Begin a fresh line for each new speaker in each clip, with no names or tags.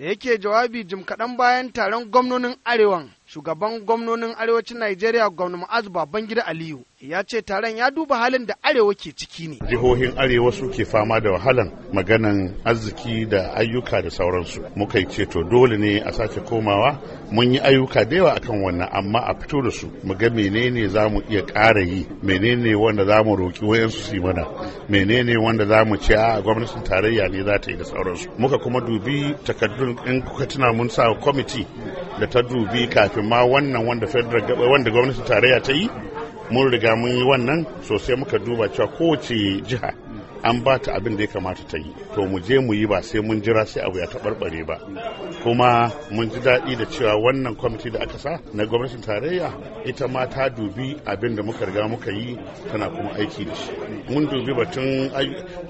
da yake jawabi jim kaɗan bayan taron gwamnonin arewan shugaban gwamnonin arewacin Najeriya gwamna Mu'az Babangida Aliyu ya ce taron ya duba halin da arewa ke ciki ne.
Jihohin arewa suke fama da wahalan maganan arziki da ayyuka da sauransu. Muka yi ce to dole ne a sake komawa mun yi ayyuka da yawa akan wannan amma a fito da su mu ga menene za mu iya ƙara yi menene wanda za mu roƙi wayansu su yi mana menene wanda za mu ce a gwamnatin tarayya ne za ta yi da sauransu. Muka kuma dubi takardun in kuka tuna mun sa kwamiti da ta dubi kafin ma wannan wanda wanda gwamnatin tarayya ta yi mun riga mun yi wannan sosai muka duba cewa kowace jiha an ba ta abin da ya kamata ta yi to mu je mu yi ba sai mun jira sai abu ya taɓarɓare ba kuma mun ji daɗi da cewa wannan kwamiti da aka sa na gwamnatin tarayya ita ma ta dubi abin da muka riga muka yi tana kuma aiki da shi mun dubi batun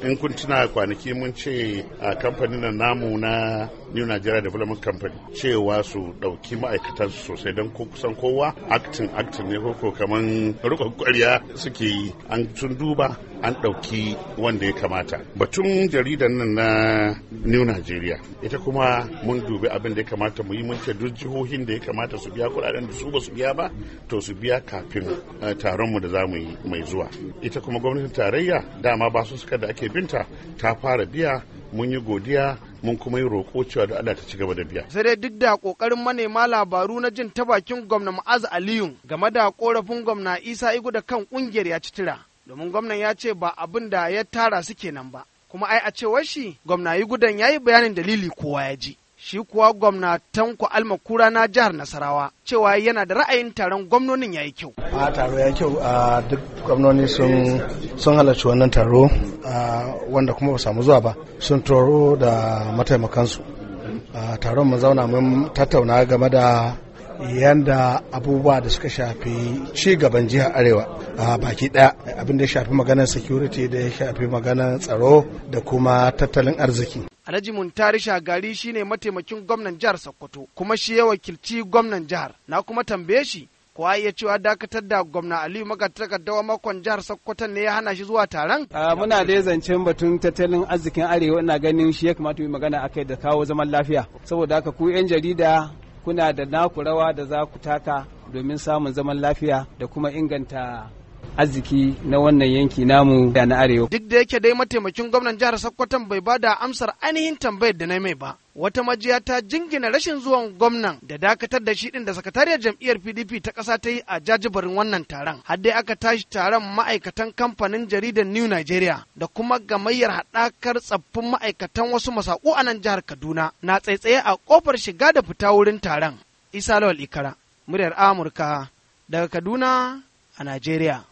in kun tuna kwanaki mun ce a kamfanin nan namu na new nigeria development company cewa su ɗauki ma'aikatan sosai don kusan kowa acting acting ne ko kaman rukon kwarya suke yi an sun duba an ɗauki wanda ya kamata batun jaridan nan na new nigeria ita kuma mun dubi abin da ya kamata mu yi mun duk jihohin da ya kamata su biya kuɗaɗen da su ba su biya ba to su biya kafin eh, taron mu da zamu yi mai zuwa ita kuma gwamnatin tarayya dama ba su suka da ake binta ta fara biya mun yi godiya mun kuma yi roƙo cewa da Allah ta ci gaba da biya.
Sai dai duk da ƙoƙarin manema labaru na jin ta bakin gwamna Ma'az Aliyu game da ƙorafin gwamna Isa Igu da kan ƙungiyar ya ci tira. domin gwamnan ya ce ba abin da ya tara su kenan ba kuma ai a cewar shi gwamna yi gudan ya yi bayanin dalili kowa ya ji shi kuwa gwamna tanko almakura na jihar nasarawa cewa yana da ra'ayin taron gwamnonin ya yi kyau
a taro ya yi kyau a duk gwamnoni sun halarci wannan taro wanda kuma ba samu zuwa ba sun taro da mataimakansu taron mun zauna mun tattauna game da yanda abubuwa da suka shafi ci gaban jihar arewa a baki daya abin da ya shafi maganar security da ya shafi maganar tsaro da kuma tattalin arziki
Alhaji Muntari Shagari shine mataimakin gwamnan jihar Sokoto kuma shi ya wakilci gwamnan jihar na kuma tambaye shi kuwa iya cewa dakatar da gwamna aliyu dawa makon jihar sokoto ne ya hana shi zuwa taron
muna da zancen batun tattalin arzikin arewa ina ganin shi ya kamata yi magana akai da kawo zaman lafiya saboda haka ku yan jarida kuna da naku rawa da za ku taka domin samun zaman lafiya da kuma inganta arziki na wannan yanki namu da na arewa. Duk
da yake dai mataimakin gwamnan jihar Sokoton bai ba da amsar ainihin tambayar da na mai ba. Wata majiya ta jingina rashin zuwan gwamnan da dakatar da shi din da sakatariyar jam'iyyar PDP ta ƙasa ta yi a jajibarin wannan taron. Har dai aka tashi taron ma'aikatan kamfanin jaridar New Nigeria da kuma gamayyar haɗakar tsaffin ma'aikatan wasu masaku a nan jihar Kaduna na tsaitsaye a ƙofar shiga da fita wurin taron. Isa Lawal Ikara, muryar Amurka daga Kaduna a Najeriya.